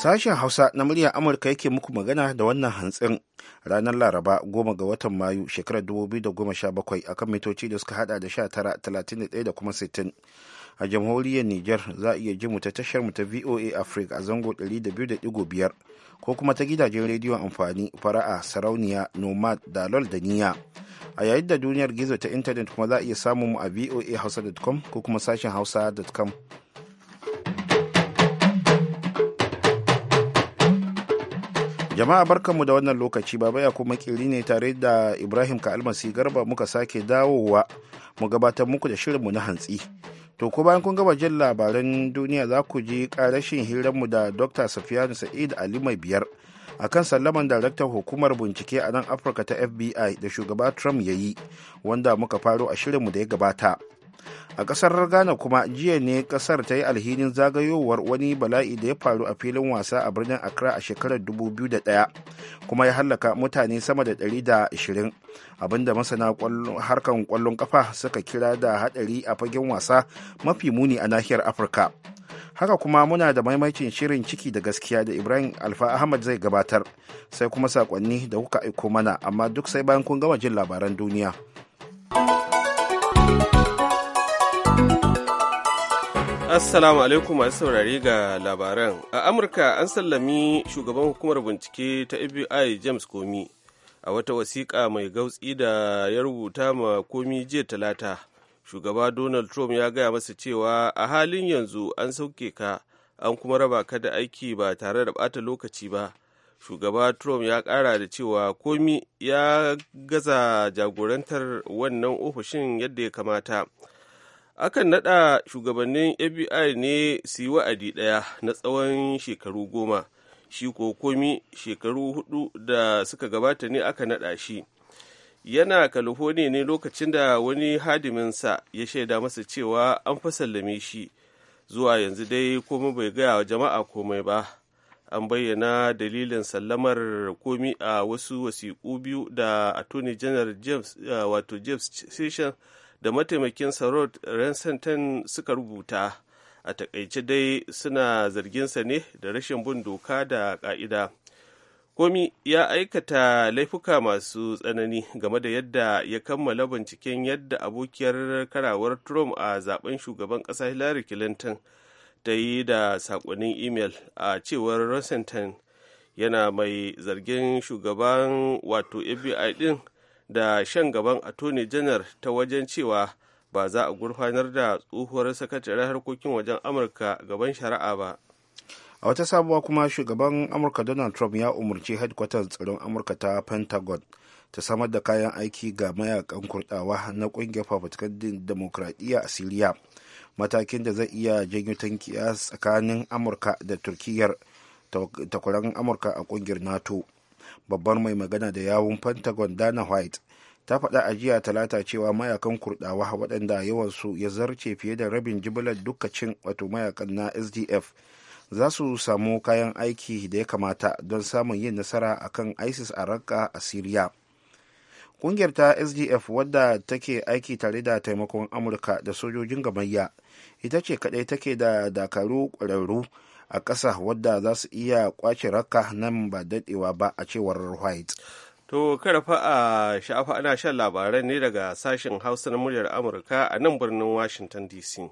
Sashen Hausa na murya Amurka yake muku magana da wannan hantsin ranar Laraba goma ga watan Mayu shekarar 2017 a kan mitoci da suka hada da 19.31 da kuma 60. A jamhuriyar Nijar za a iya ji mu ta tashar mu ta VOA Africa a zango 200.5 ko kuma ta gidajen rediyon amfani fara'a sarauniya nomad dalol da niya. A yayin da duniyar gizo ta intanet kuma za a iya samun mu a voahausa.com ko kuma sashen hausa.com. jama'a barkanmu da wannan lokaci baba ya kuma kiri ne tare da ibrahim ka almasi garba muka sake dawowa mu gabatar muku da shirin mu na hantsi to ko bayan kun gaba jin labaran duniya za ku ji karashin hiranmu da dr safiyanu sa'id ali mai biyar a kan sallaman daraktan hukumar bincike a nan afirka ta fbi da shugaba trump ya yi wanda muka faro a shirin mu da ya gabata a kasar ghana kuma jiya ne kasar ta yi alhinin zagayowar wani bala'i da ya faru a filin wasa a birnin accra a shekarar 2001 kuma ya hallaka mutane sama da 120 abinda masana harkan kwallon kafa suka kira da hadari a fagen wasa mafi muni a nahiyar afirka haka kuma muna da maimakin shirin ciki da gaskiya da ibrahim alfa ahmad zai gabatar sai kuma saƙonni da kuka aiko mana amma duk sai bayan kun gama jin labaran duniya. Assalamu alaikum masu saurare ga labaran. A Amurka an sallami shugaban hukumar bincike ta FBI James komi a wata wasiƙa mai gautsi da ya rubuta ma komi jiya talata. Shugaba Donald Trump ya gaya masa cewa a halin yanzu an sauke ka an kuma raba ka da aiki ba tare da ɓata lokaci ba. Shugaba Trump ya ƙara da cewa komi ya gaza jagorantar wannan ofishin yadda ya kamata. akan naɗa shugabannin fbi ne su yi wa'adi ɗaya na tsawon shekaru goma shi ko komi shekaru hudu da suka gabata ne aka naɗa shi yana kalifoni ne lokacin da wani hadiminsa ya shaida masa cewa an sallame shi zuwa yanzu dai komi bai gaya wa jama'a komai ba an bayyana dalilin sallamar komi a wasu wasiƙu biyu da attorney general james eh, wato james Session. da mataimakin sarot Rensenten suka rubuta a takaice dai suna zarginsa ne da rashin bin doka da ka'ida komi ya aikata laifuka masu tsanani game da yadda ya kammala binciken yadda abokiyar karawar trump a zaben shugaban ƙasa hillary clinton ta yi da sakonin imel a cewar rosenthal yana mai zargin shugaban wato fbi din da shan gaban attorney janar ta wajen cewa ba za a gurfanar da tsohuwar sakataren harkokin wajen amurka gaban shari'a ba a wata sabuwa kuma shugaban amurka donald trump ya umarci headquarters tsaron amurka ta pentagon ta samar da kayan aiki ga mayakan kurdawa na kungiyar fafutukar demokradiyya a siriya matakin da zai iya janyo tankiya tsakanin amurka da turkiyyar takwaran amurka a kungiyar nato babbar mai magana da yawun pentagon dana white ta faɗa a jiya talata cewa mayakan kurdawa waɗanda yawansu ya zarce fiye da rabin jibilar dukkacin wato mayakan na sdf za su samu kayan aiki da ya kamata don samun yin nasara a kan isis a raka a syria kungiyar ta sdf wadda take aiki tare da taimakon amurka da sojojin gamayya ita ce kadai take da dakaru kwararru a ƙasa wadda za su iya kwace raka nan ba daɗewa ba a cewar white to kada fa a sha'afa ana shan labaran ne daga sashen hausa na muryar amurka a nan birnin washington dc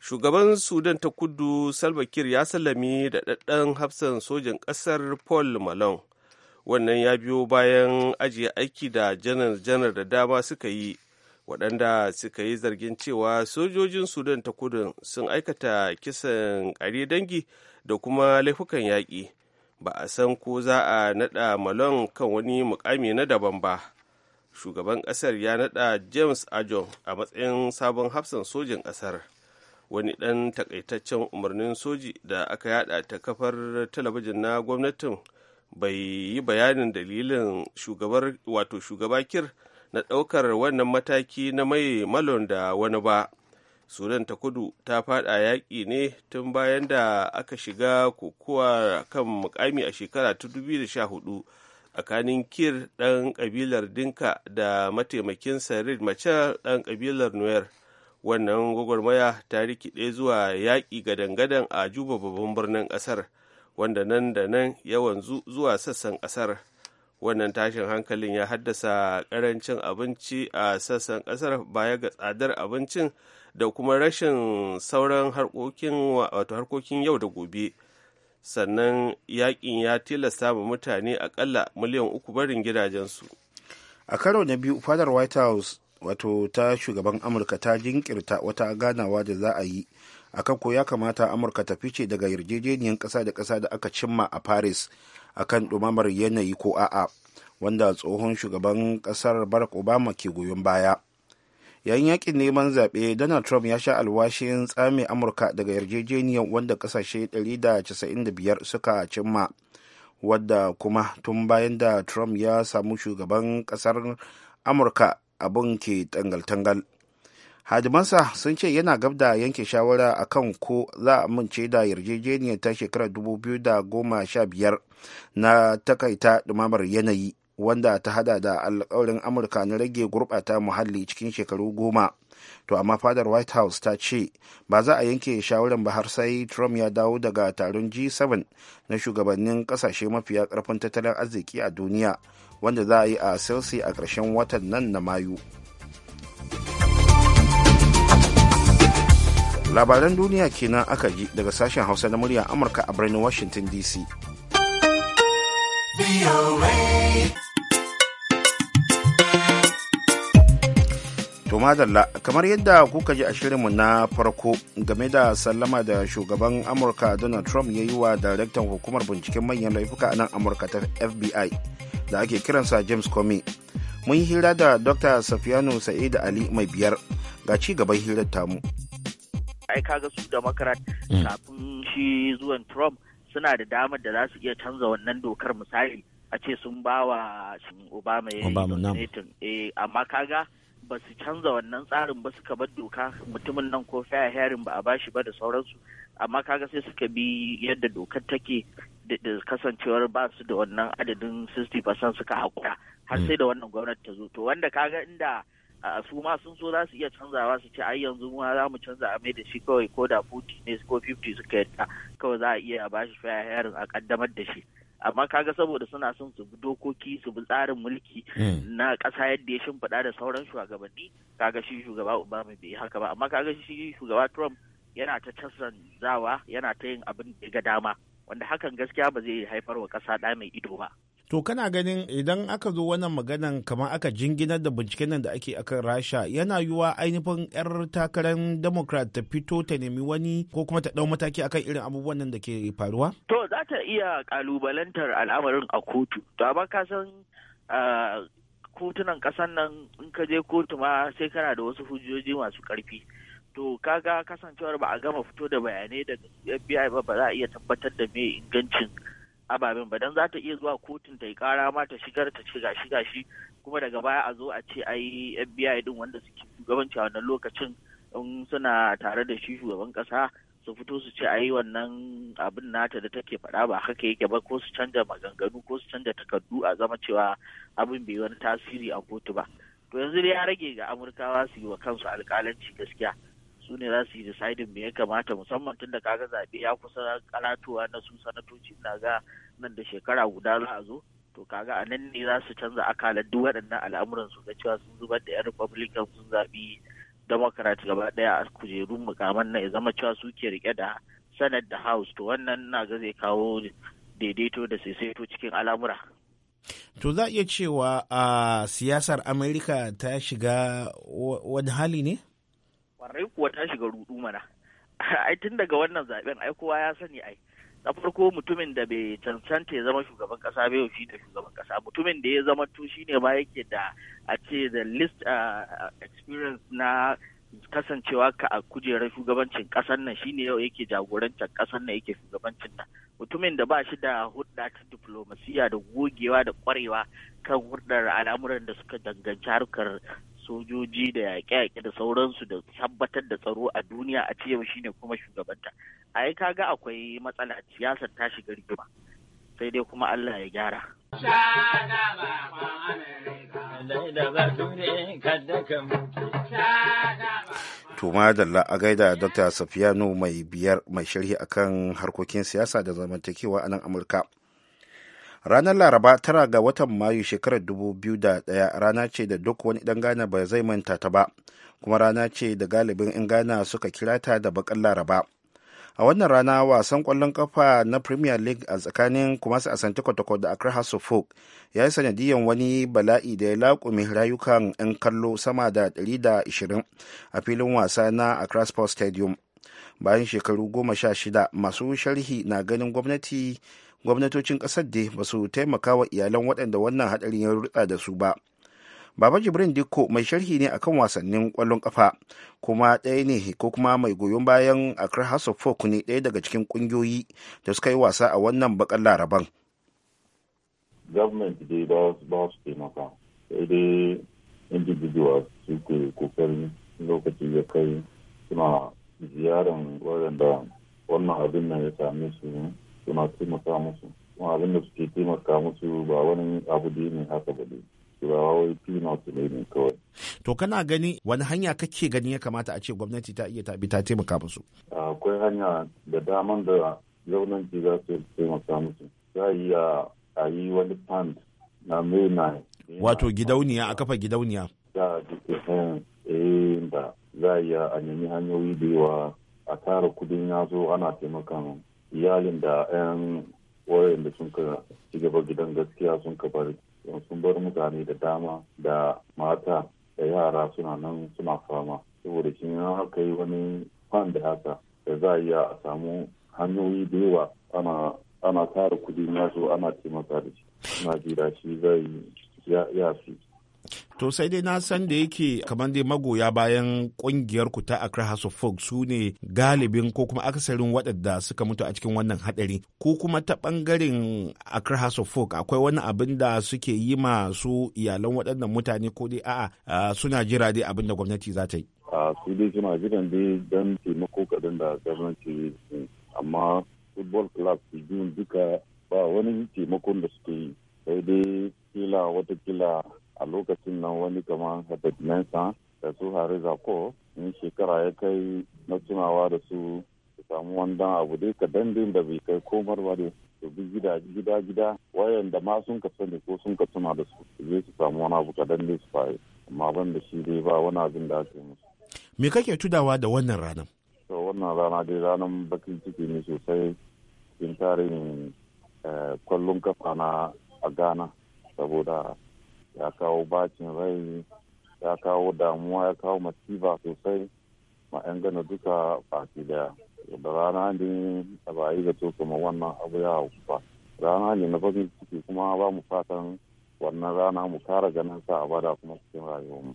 shugaban sudan ta kudu salva kiir ya sallami da ɗaɗɗan hafsan sojan ƙasar paul malone wannan ya biyo bayan ajiye aiki da janar janar da dama suka yi waɗanda suka yi zargin cewa sojojin sudan ta kudu sun aikata kisan ƙare dangi da kuma laifukan yaƙi ba a san ko za a naɗa malon kan wani mukami na daban ba shugaban ƙasar ya naɗa james ajon a matsayin sabon hafsan sojin ƙasar wani ɗan takaitaccen umarnin soji da aka yada ta kafar talabijin na gwamnatin bai yi bayanin dalilin wato shugaba kir na ɗaukar wannan mataki na mai malon da wani ba sudan ta kudu ta fada yaƙi ne tun bayan da aka shiga kokowa kan mukami a shekara ta 2014 tsakanin kir ɗan ƙabilar dinka da mataimakin sarid mace ɗan ƙabilar nuer wannan gwagwarmaya ta rikide zuwa yaƙi gadan-gadan a juba babban birnin ƙasar wanda nan da nan ya wanzu zuwa sassan ƙasar. wannan tashin hankalin ya haddasa karancin abinci a sassan kasar baya ga tsadar abincin da kuma rashin sauran harkokin yau da gobe sannan yakin ya tilasta ma mutane akalla miliyan uku barin gidajensu a karo na biyu fadar white house wato ta shugaban amurka ta jinkirta wata ganawa da za a yi akan ko ya kamata amurka ta fice daga yarjejeniyar ƙasa da ƙasa da aka cimma a paris a kan ɗumamar yanayi ko a'a wanda tsohon shugaban ƙasar barack obama ke goyon baya yayin yakin neman zaɓe donald trump ya sha alwashin tsame amurka daga yarjejeniya wanda ƙasashe 195 suka cimma wadda kuma tun bayan da trump ya samu shugaban ƙasar amurka abun ke tangal-tangal hadimansa sun ce yana gab da yanke shawara a kan ko za a mince da yarjejeniyar ta shekarar 2015 na takaita dumamar yanayi wanda ta hada da alkawarin amurka na rage gurɓata muhalli cikin shekaru goma to amma fadar white house ta ce ba za a yanke shawarar ba har sai trump ya dawo daga taron g7 na shugabannin kasashe mafiya karfin tattalin arziki a duniya wanda za a yi a celsius a ƙarshen watan nan na mayu labaran duniya kenan aka ji daga sashen hausa na murya amurka a birnin washington dc To madalla kamar yadda kuka ji a shirinmu na farko game da sallama da shugaban Amurka Donald Trump ya yi wa daraktan hukumar binciken manyan laifuka a nan Amurka ta FBI da ake kiransa James Comey. Mun hira da Dr. Safiyanu Sa'id Ali mai biyar ga ci gaban hirar tamu. ai ga su democrat hmm. kafin shi zuwan trump suna da damar da za su iya canza wannan dokar misali a ce sun ba wa obama ya yi eh, amma kaga ba su canza wannan tsarin ba suka bar doka mutumin nan ko fair harin ba a bashi ba da sauransu amma kaga sai suka bi yadda dokar take da kasancewar ba su da wannan adadin 60% suka haƙura har hmm. sai da wannan gwamnati ta zo to wanda kaga inda a su ma sun so za su iya canzawa su ce ai yanzu ma za mu canza a mai da shi kawai ko da 40 ne ko fifty suka yadda kawai za a iya a bashi fair yarin a kaddamar da shi amma kaga saboda suna son su bi dokoki su bi tsarin mulki hmm. na kasa yadda ya shimfiɗa da sauran shugabanni kaga shi shugaba obama bai yi haka ba amma kaga shi shugaba trump yana ta zawa yana ta yin abin da ga dama wanda hakan gaskiya ba zai haifar wa ƙasa ɗa mai ido ba To kana ganin idan aka zo wannan maganan kamar aka jinginar da binciken nan da ake kan Rasha yana yiwuwa ainihin 'yar takarar Democrat ta fito ta nemi wani ko kuma ta dau mataki akan irin abubuwan nan da ke faruwa? To za ta iya kalubalantar al'amarin a kotu. To amma ka san kotunan kasan nan in ka je kotu ma sai kana da wasu hujjoji masu karfi to kaga kasancewar ba a gama fito da bayanai daga FBI ba ba za a iya tabbatar da me ingancin ababen ba dan za ta iya zuwa kotun ta yi kara ma ta shigar ta ce gashi gashi kuma daga baya a zo a ce ai FBI din wanda suke shugabanci a wannan lokacin in suna tare da shi shugaban kasa su fito su ce ai wannan abin nata da take faɗa ba haka yake ba ko su canja maganganu ko su canja takardu a zama cewa abin bai wani tasiri a kotu ba to yanzu dai ya rage ga amurkawa su yi wa kansu alkalanci gaskiya su ne za su yi decidin me ya kamata musamman tun da kaga zaɓe ya kusa karatuwa na su sanatoci na ga nan da shekara guda za a zo to kaga a nan ne za su canza akalar duk waɗannan al'amuran su ga cewa sun zubar da 'yan republican sun zaɓi democrat gaba ɗaya a kujerun mukaman na ya zama cewa su ke rike da senate da house to wannan na ga zai kawo daidaito da saisaito cikin al'amura. To za a iya cewa a ah, siyasar Amerika ta shiga wani hali ne? kwarai kuwa ta shiga rudu mana ai tun daga wannan zaben ai kowa ya sani ai na farko mutumin da bai cancanta ya zama shugaban kasa bai shi da shugaban kasa mutumin da ya zama to shine ma yake da a ce da least experience na kasancewa ka a kujerar shugabancin kasar nan shine yau yake jagorantar kasar nan yake shugabancin nan mutumin da ba shi da hudda ta diplomasiya da gogewa da kwarewa kan hurdar al'amuran da suka danganci harkar sojoji da yaƙe-yaƙe da sauransu da tabbatar da tsaro a duniya a ce yau shine kuma shugabanta ai kaga akwai matsala siyasar ta shiga rigima sai dai kuma Allah ya gyara Tuma Dalla a gaida Dr. Safiyanu mai biyar mai sharhi akan harkokin siyasa da zamantakewa a nan Amurka. ranar laraba tara ga watan mayu shekarar dubu biyu da 2001 rana ce da duk wani dan gana ba zai manta ta ba kuma rana ce da galibin in gana suka kira ta da bakan laraba a wannan rana wasan kwallon kafa na premier league a tsakanin su asanti kwatakwa da accra house of ya yi sanadiyan wani bala'i da ya laƙumi rayukan 'yan kallo sama da 120 a filin wasa na accra sports stadium bayan shekaru goma sha shida masu sharhi na ganin gwamnati gwamnatocin kasar dai ba su taimaka wa iyalan waɗanda wannan haɗarin ya rutsa da su ba baba jibrin dikko mai sharhi ne akan wasannin kwallon kafa kuma ɗaya ne ko kuma mai goyon bayan accra house of folk ne ɗaya daga cikin ƙungiyoyi da suka yi wasa a wannan bakan laraban government dai ba su taimaka sai dai individuals suke kokarin lokaci ya kai suna ziyaran waɗanda wannan abin nan ya same su su taimaka musu kuma abin da suke taimaka musu ba wani abu da ne haka ba ne turawa wai su ne ne kawai. to kana gani wani hanya kake gani ya kamata a ce gwamnati ta iya tabi ta taimaka musu. akwai hanya da daman da gwamnati za su taimaka musu za yi a yi wani fund na mai wato gidauniya a kafa gidauniya. da eh, da za a iya a nemi hanyoyi da yawa a tara kudin ya zo ana musu. iyalin da 'yan wayoyin da sun ci gaba gidan gaskiya sun bar sun bar mutane da dama da mata da yara suna nan suna fama saboda shi na aka yi wani fan da haka da za a iya a samu hanyoyi da yawa ana tara kudi nasu ana taimaka da shi na jira shi zai ya fi To sai dai na san da yake kamar dai magoya bayan kungiyar ku ta Accra House of Folk su ne galibin ko kuma akasarin waɗanda suka mutu a cikin wannan haɗari Ko kuma ta bangaren Accra House of Folk akwai wani abin da suke yi ma su iyalan waɗannan mutane ko dai a'a suna jira dai abin da gwamnati za ta yi. A su dai suna jiran dai don taimako kaɗan da gwamnati amma football club su duka ba wani taimakon da suke yi sai dai kila wata kila a lokacin nan wani kamar herbert mensa da su hari zako in shekara ya kai na tunawa da su su samu wanda abu dai ka dandin da bai kai komar ba ne su bi gida gida gida wayanda ma sun ka sani ko sun ka tuna da su zai su samu wani abu kadan dai su faye amma ban da shi dai ba wani abin da ake musu. me kake tudawa da wannan ranar. to wannan rana dai ranar bakin ciki ne sosai cikin tarihin eh, kwallon kafa na a ghana saboda ya kawo bacin rai ya kawo damuwa ya kawo masifa sosai ma 'yan gana duka baki daya da rana ne da ba yi zato kuma wannan abu ya hau ba rana ne na bakin ciki kuma ba mu fatan wannan rana mu kara ganin sa a bada kuma cikin rayuwarmu.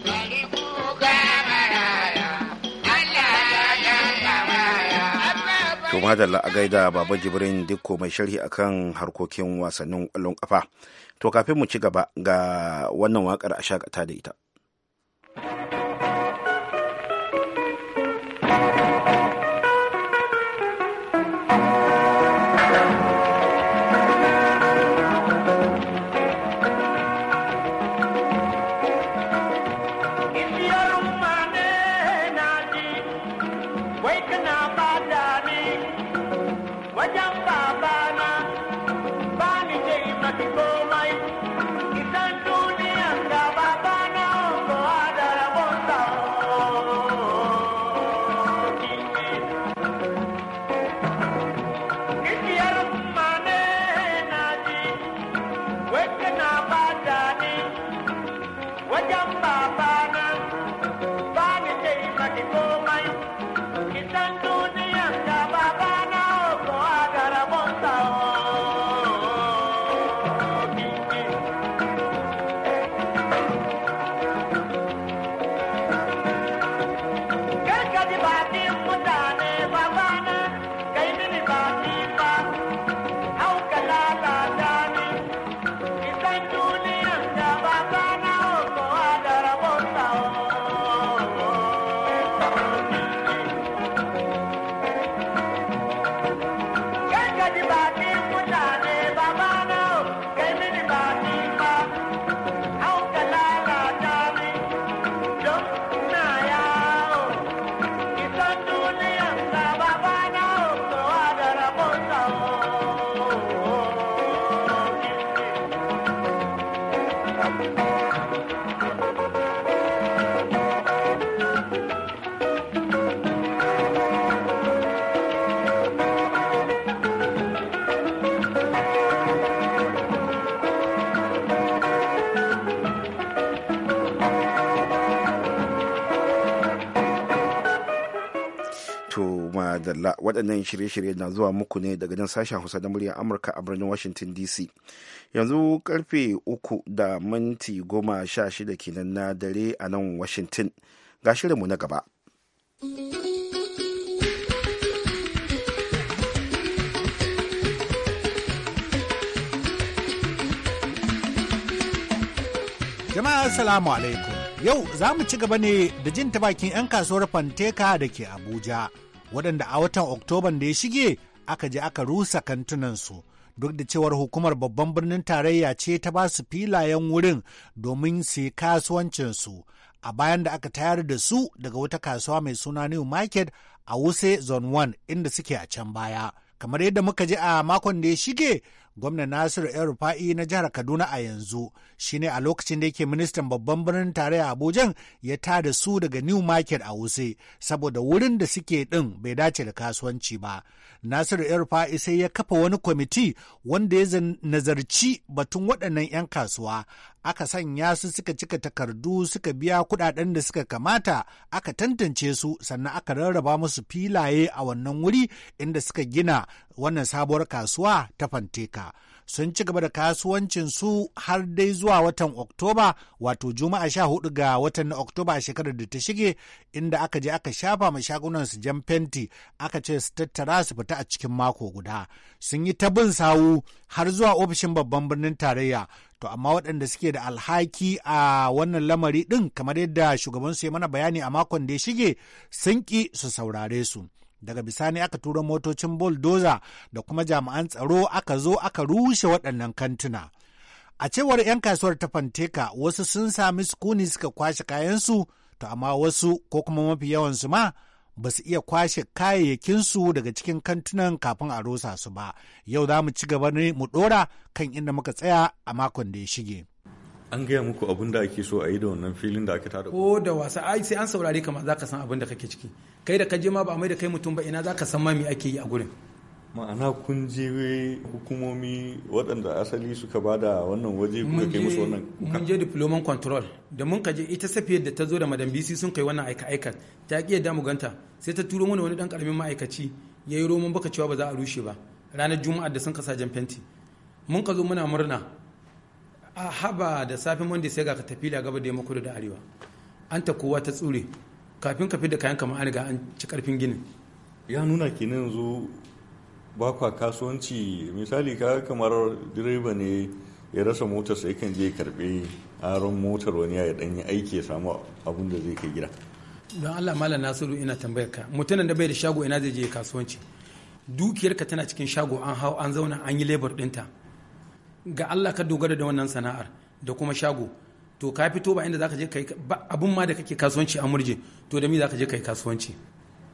Tuma da da Baba Jibrin Dikko mai sharhi akan harkokin wasannin ƙwallon ƙafa. to kafin mu ci gaba ga wannan wakar a shakata da ita madalla waɗannan shirye-shirye na zuwa muku ne daga nan sashen hausa na muryar amurka a birnin washington dc yanzu karfe uku da minti goma sha shida kenan na dare a nan washington ga shirinmu na gaba jama'a salamu alaikum Yau za mu ci gaba ne da jin ta bakin 'yan kasuwar Fanteka da ke Abuja waɗanda a watan oktoban da ya shige aka je aka rusa kantunansu duk da cewar hukumar babban birnin tarayya ce ta ba su filayen wurin domin su yi kasuwancinsu a bayan da aka tayar da su daga wata kasuwa mai suna new market a wuse zone 1 inda suke a can baya kamar yadda muka ji a makon da ya shige gwamnan nasiru yan rufa'i na jihar kaduna a yanzu shine a lokacin da yake ministan babban birnin tarayya abuja ya ta da su daga new market a wuse saboda wurin da suke din bai dace da kasuwanci ba nasiru yan rufa'i sai ya kafa wani kwamiti wanda ya nazarci batun waɗannan 'yan kasuwa aka sanya su suka cika takardu suka biya kudaden da suka kamata aka tantance su sannan aka rarraba musu filaye a wannan wuri inda suka gina wannan sabuwar kasuwa ta fanteka sun ci gaba da kasuwancin su har dai zuwa watan oktoba wato juma'a sha hudu ga watan na oktoba shekarar da ta shige inda aka je aka shafa ma shagunan su jan fenti aka ce su tattara su fita a cikin mako guda sun yi ta bin sawu har zuwa ofishin babban birnin tarayya to amma waɗanda suke da alhaki a wannan lamari ɗin kamar yadda shugabansu ya mana bayani a makon da ya shige sun ƙi su saurare su. daga bisani aka tura motocin bulldozer da kuma jami'an tsaro aka zo aka rushe waɗannan kantuna a cewar 'yan kasuwar ta fanteka wasu sun sami sukuni suka kwashe kayansu to amma wasu ko kuma mafi yawansu ma ba su iya kwashe kayayyakinsu daga cikin kantunan kafin a rusa su ba yau za mu ci gaba ne mu dora kan inda muka tsaya a makon da ya shige an gaya muku abin da ake so a yi da wannan filin da aka tada ko da wasa ai sai an saurare kamar zaka san abin da kake ciki kai da ka je ma ba mai da kai mutum ba ina zaka san ma me ake yi a gurin ma'ana kun je hukumomi waɗanda asali suka ba da wannan waje kuka kai musu wannan kuka mun je diploman control da mun kaje ita safiyar da ta zo da madam bc sun kai wannan aika aika ta ƙi yadda mu ganta sai ta turo mana wani dan karamin ma'aikaci ya yi roman baka cewa ba za a rushe ba ranar juma'a da sun kasa jan fenti mun ka zo muna murna a haba da safin wanda sai ga ka tafi da gaba da ya makudu da arewa an ta kowa ta tsure kafin ka da kayan kama an riga an ci karfin ginin ya nuna kenan yanzu ba kwa kasuwanci misali ka kamar direba ne ya rasa motar sai kan je karbe aron motar wani ya dan yi aiki ya samu abun da zai kai gida don Allah mala Nasiru ina tambayar ka mutumin da bai da shago ina zai je kasuwanci dukiyarka tana cikin shago an hau an zauna an yi lebar dinta ga Allah ka dogara da wannan sana'ar da kuma shago to ka fito ba inda zaka je kai abun ma da kake kasuwanci a murje to da me zaka je kai kasuwanci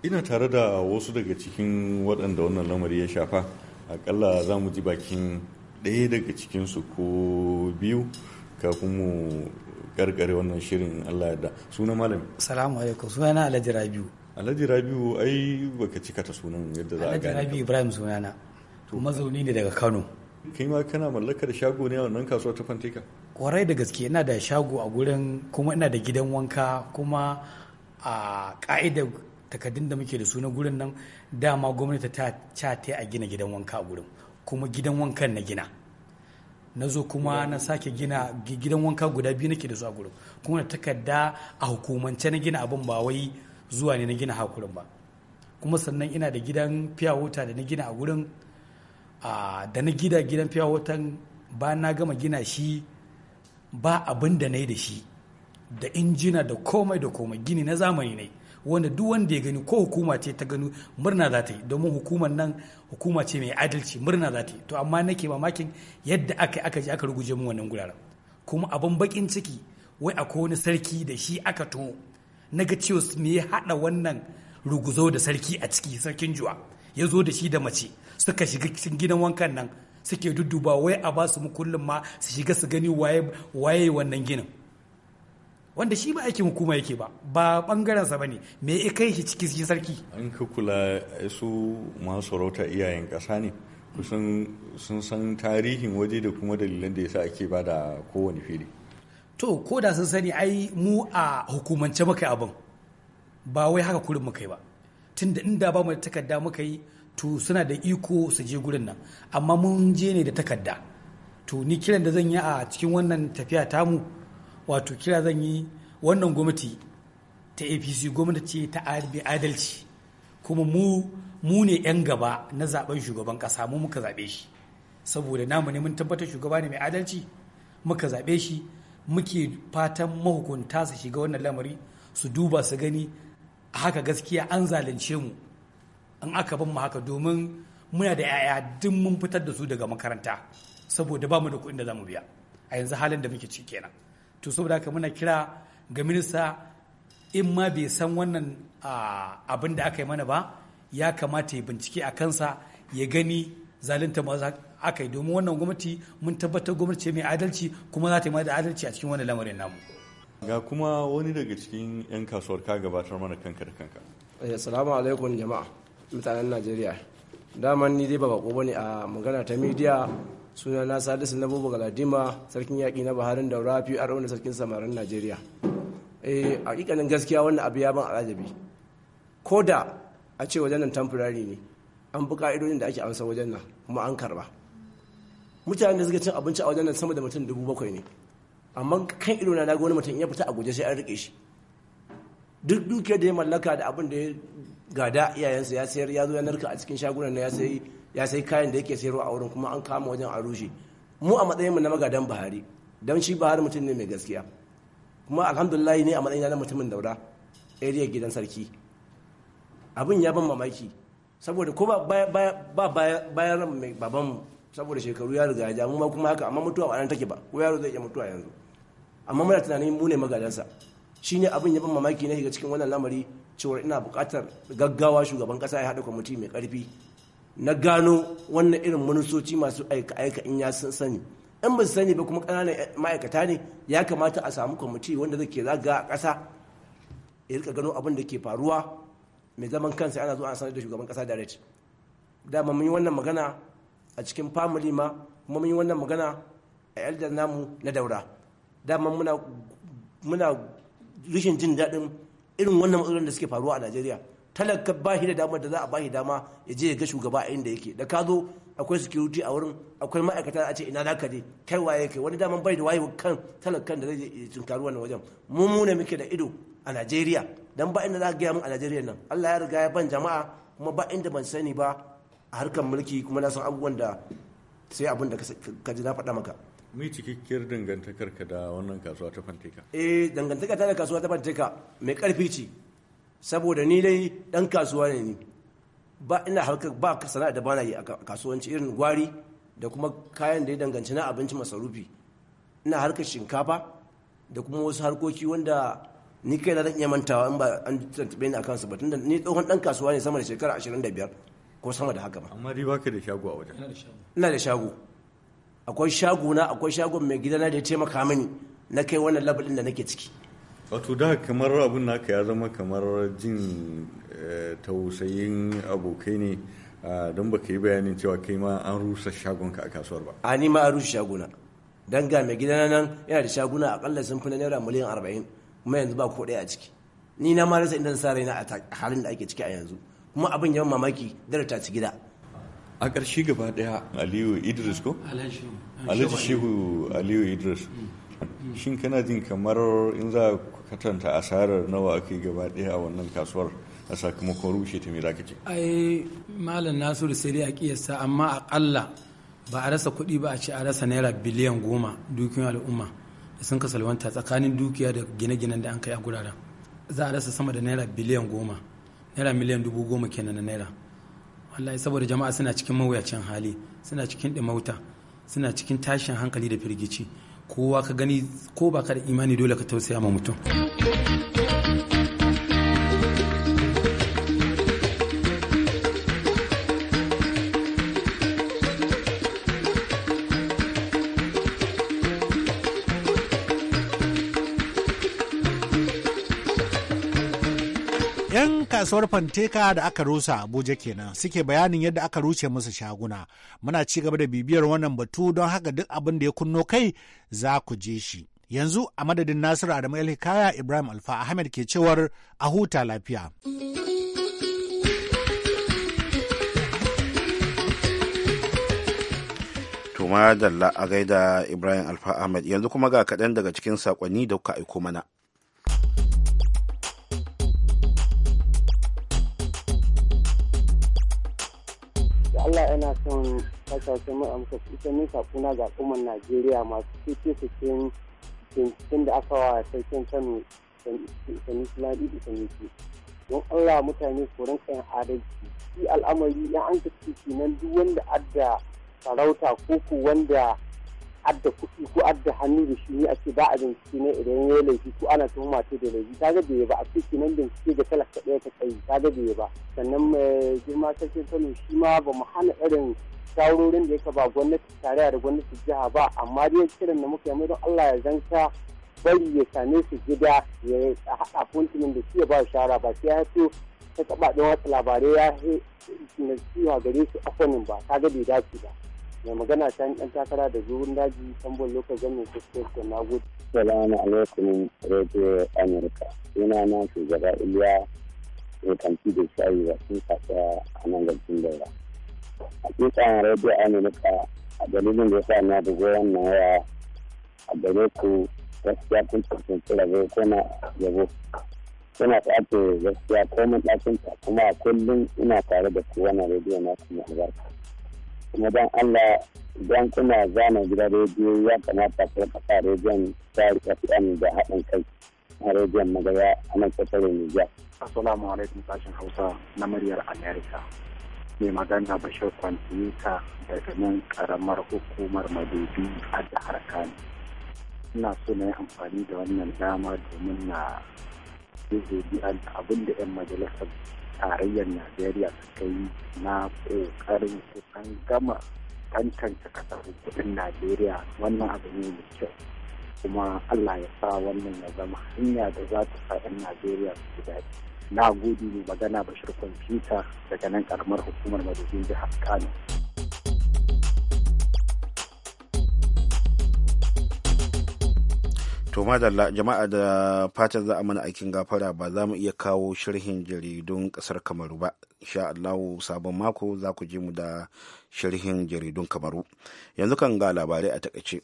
ina tare da wasu daga cikin waɗanda wannan lamari ya shafa akalla za mu ji bakin ɗaya daga cikinsu ko biyu kafin mu karkare wannan shirin allah yadda suna malami salamu alaikum na alhaji rabiu alhaji rabiu ai baka cika ta sunan yadda za a gane alhaji rabiu ibrahim sunana to mazauni ne daga kano kai ma kana mallakar shago ne a wannan kasuwa ta fantika kwarai da gaske ina da shago a gurin kuma ina da gidan wanka kuma a ka'idar takardun da muke da su na gurin nan dama gwamnati ta cate a gina gidan wanka a gurin kuma gidan wankan na gina na zo kuma na sake gina gidan wanka guda biyu nake da su a gurin kuma na takarda a hukumance na gina abin ba wai zuwa ne na gina hakurin ba kuma sannan ina da gidan wuta da na gina a gurin da na gida gidan fiyawotan ba na gama gina shi ba abin da na yi da shi da injina da komai da komai gini na zamani ne wanda duk wanda ya gani ko hukuma ce ta gani murna za ta yi domin hukumar nan hukuma ce mai adalci murna za ta yi to amma nake mamakin yadda aka aka ji aka ruguje mu wannan guraren kuma abin bakin ciki wai akwai wani sarki da shi aka to na ga cewa me ya hada wannan ruguzo da sarki a ciki sarkin juwa ya zo da shi da mace suka shiga cikin gidan wankan nan suke dudduba wai a ba su mukullin ma su shiga su gani waye waye wannan ginin wanda shi ba aikin hukuma yake ba ba bangarensa ba ne me ya kai shi cikin shi sarki an ka kula su masu sarauta iyayen kasa ne kusan sun san tarihin waje da kuma dalilan da yasa ake ba da kowane fili to ko da sun sani ai mu a hukumance muka abin ba wai haka kurin muka yi ba tunda inda ba mu da takarda muka yi to suna da iko su je gurin nan amma mun je ne da takarda to ni kiran da zan yi a cikin wannan tafiya tamu wato kira zan yi wannan gwamnati ta apc gwamnati ce ta adalci kuma mu ne 'yan gaba na zaben shugaban kasa mu muka zaɓe shi saboda namu ne mun tabbatar shugaba ne mai adalci muka zaɓe shi muke fatan mahukunta su shiga wannan lamari su duba su gani haka gaskiya an zalunce mu an aka bin mu haka domin muna da 'ya'ya duk mun fitar da su daga makaranta saboda ba mu da kuɗin da za mu biya a yanzu halin da muke ci kenan to saboda haka muna kira ga minista in ma bai san wannan abin da aka yi mana ba ya kamata ya bincike a kansa ya gani zalunta ma aka yi domin wannan gwamnati mun tabbatar gwamnati ce mai adalci kuma za ta yi mai da adalci a cikin wannan lamarin namu ga kuma wani daga cikin 'yan kasuwar ka gabatar mana kanka da kanka eh, assalamu alaikum jama'a mutanen najeriya daman ni dai ba bako bane a magana ta midiya suna na sadisu na bubu galadima sarkin yaƙi na baharin daura fi a raunin sarkin samarin najeriya eh, A ƙiƙanin gaskiya wannan abu ya ban al'ajabi ko da a ce wajen nan tamfurari ne an bi ka'idodin da ake amsa wajen nan kuma an karba mutanen da suka cin abinci a wajen nan sama da mutum dubu bakwai ne amma kan ido na ga wani mutum ya fita a guje sai an rike shi duk dukiyar da ya mallaka da abin da ya gada iyayensa ya sayar ya zo ya narka a cikin shagunan na ya sayi ya sai kayan da yake sayarwa a wurin kuma an kama wajen a rushe mu a matsayin mu na magadan Buhari don shi Buhari mutum ne mai gaskiya kuma alhamdulillah ne a matsayin na mutumin daura area gidan sarki abin ya ban mamaki saboda ko ba bayan mai babanmu saboda shekaru ya riga ya mu kuma haka amma mutuwa ba nan take ba ko yaro zai iya mutuwa yanzu amma muna tunanin mu ne magadansa shine abin ya ban mamaki na shiga cikin wannan lamari cewa ina bukatar gaggawa shugaban kasa ya haɗa kwamiti mai ƙarfi na gano wannan irin manusoci masu aika-aika in ya sun sani in ba sani ba kuma ƙananan ma'aikata ne ya kamata a samu kwamiti wanda zai ke zaga a ƙasa ya rika gano abin da ke faruwa mai zaman kansa ana zuwa a sanar da shugaban ƙasa direct dama mun yi wannan magana a cikin family ma kuma mun yi wannan magana a yaldar namu na daura dama muna muna rashin jin daɗin irin wannan matsalolin da suke faruwa a najeriya talaka ba shi da damar da za a ba shi dama ya je ya ga shugaba a inda yake da ka zo akwai security a wurin akwai ma'aikata a ce ina za ka je kai waye kai wani daman bai da waye kan talakan da zai je tunkari wannan wajen mu mu ne muke da ido a Najeriya dan ba inda za ga gaya mun a Najeriya nan Allah ya riga ya ban jama'a kuma ba inda ban sani ba a harkar mulki kuma na san abubuwan da sai abin da ka ji na faɗa maka mai cikakkiyar dangantakar ka da wannan kasuwa ta fanteka eh dangantaka ta da kasuwa ta fanteka mai karfi ce saboda ni dai dan kasuwa ne ni ba ina harkar ba sana'a da bana yi a kasuwanci irin gwari da kuma kayan da ya danganci na abinci masarufi ina harkar shinkafa da kuma wasu harkoki wanda ni kai na zan iya mantawa in ba an tantabe ni akan su ba tunda ni tsohon dan kasuwa ne sama da shekara 25 ko sama da haka ba amma riba ka da shago a wajen ina da shago akwai shago na akwai shagon mai gidana da ya taimaka mini na kai wannan labalin da nake ciki wato da kamar abin naka ya zama kamar jin eh, tausayin abokai ne ah, don baka yi bayanin cewa kai ma an rusa shagonka a kasuwar ba a ni ma an rusa shaguna don ga mai gidana nan yana da shaguna akalla sun fi na naira miliyan arba'in kuma yanzu ba ko ɗaya a ciki ni na ma rasa inda sa na a halin da ake ciki a yanzu kuma abin yawan mamaki dare ta ci gida a ƙarshe gaba ɗaya aliyu idris ko alhaji shehu aliyu idris mm. shin kana jin kamar in za ka katanta asarar nawa ake gaba ɗaya a wannan kasuwar a sakamakon rushe ta me za ka ce ai malam nasiru sai dai a kiyasta amma aƙalla ba a rasa kuɗi ba a ce a rasa naira biliyan goma dukiyoyin al'umma da sun kasalwanta tsakanin dukiya da gine-ginen da an kai a guraren za a rasa sama da naira biliyan goma naira miliyan dubu goma kenan na naira wallahi saboda jama'a suna cikin mawuyacin hali suna cikin ɗimauta suna cikin tashin hankali da firgici kowa ka gani ko ba ka da imani dole ka tausaya ma mutum kasuwar Fanteka da aka rusa Abuja kenan suke bayanin yadda aka ruce musu shaguna. Muna ci gaba da bibiyar wannan batu don haka duk abin da ya kunno kai za ku je shi. Yanzu a madadin Nasiru Adamu Hikaya Ibrahim Alfa Ahmed ke cewar a huta lafiya. Tuma da a gaida Ibrahim Alfa Ahmed yanzu kuma ga kaɗan daga cikin saƙonni da kuka aiko mana. da Allah yana son kasashen mai amsa ita ne sakuna ga al'ummar Najeriya masu cikin cikin cikin da aka wa sarkin Kano Sani Fulani da Saniki. Don Allah mutane su rinka yin adalci. Shi al'amari ya an ka ciki nan duk wanda adda sarauta ko wanda adda kuɗi ko adda hannu da shi ne ake ba a bincike ne idan ya laifi ko ana tuhuma ta da laifi ta bai ba a ce kinan bincike da talaka ɗaya ta tsayi ta bai ba sannan girma sarkin kano shi ma ba mu hana irin shawarorin da yake ba gwamnati tarayya da gwamnati jiha ba amma dai kiran da muka yi don Allah ya zanta bari ya same su gida ya haɗa kuntumin da shi ya ba shara ba sai ya so ta taɓa ɗin watsa labarai ya na ciwa gare su kwanin ba ta ga bai dace ba. mai magana ta yan takara da zuwun daji tambon lokacin zan kuskure da na gudu. Salamu alaikum Radio Amurka. Suna na gaba Iliya mai kanti da shayi da sun kasa a nan gajin daura. cikin Radio Amurka a dalilin da ya sa na bugo wannan waya a gare ku gaskiya kun cancanci rabo kuna yabo. Kuna ta ake gaskiya ko mun ta kuma kullum ina tare da ku wannan rediyo na kuma albarka. kuma don Allah don kuna zana gida rediyo ya kamata ku kasa rediyon tsari fm da haɗin kai a rediyon magaya a nan kasar Nijar. Assalamu alaikum sashen Hausa na muryar Amerika. Mai magana Bashir Kwantiyuka daga nan karamar hukumar Madobi a jihar Kano. Ina so na yi amfani da wannan dama domin na zai abin da 'yan majalisar tarayyar najeriya suka yi na ƙoƙarin kusan gama tantance kasar kudin najeriya wannan abu ne mai kyau kuma allah ya sa wannan ya zama hanya da za ta sa 'yan najeriya su daɗi na gode magana bashir kwamfuta daga nan karamar hukumar madadin jihar kano to madalla jama'a da fatan za a mana aikin gafara ba za mu iya kawo sharhin jaridun kasar kamaru ba sha allahu sabon mako za ku ji mu da sharhin jaridun kamaru yanzu kan ga labarai a takaice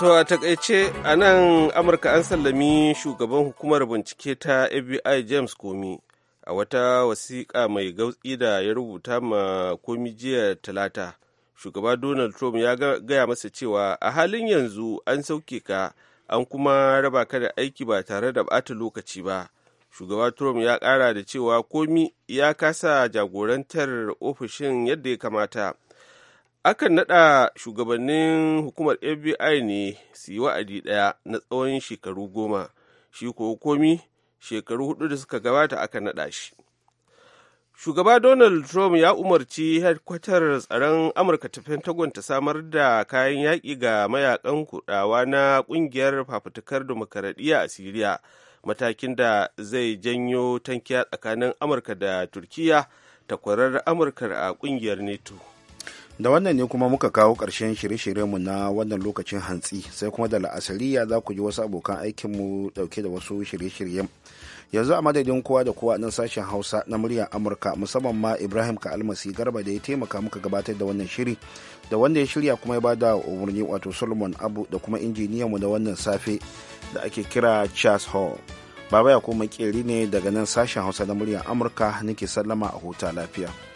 To a takaice a nan Amurka an sallami shugaban hukumar bincike ta FBI James komi a wata wasiƙa mai gautsi da ya rubuta ma komi jiya talata shugaba donald trump ya gaya masa cewa a halin yanzu an sauke ka an kuma raba ka da aiki ba tare da bata lokaci ba shugaba trump ya kara da cewa komi ya kasa jagorantar ofishin yadda ya kamata akan nada shugabannin hukumar fbi ne su yi wa'adi daya na tsawon shekaru goma shi ko komi shekaru hudu da suka gabata aka nada shi shugaba donald trump ya umarci hedkwatar tsaron amurka ta pentagon ta samar da kayan yaƙi ga mayakan kudawa na ƙungiyar fafutukar demokaradiyya a siriya matakin da zai janyo tankiya tsakanin amurka da turkiya takwarar amurka a ƙungiyar nato da wannan ne kuma muka kawo ƙarshen shirye-shiryenmu na wannan lokacin hantsi sai kuma da la'asariya za ku ji wasu abokan aikinmu ɗauke da wasu shirye-shiryen yanzu a madadin kowa da kowa nan sashen hausa na muryar amurka musamman ma ibrahim ka almasi garba da ya taimaka muka gabatar da wannan shiri da wanda ya shirya kuma ya ba da umarni wato solomon abu da kuma injiniyanmu da wannan safe da ake kira charles hall baba ya kuma ne daga nan sashen hausa na muryar amurka nake sallama a huta lafiya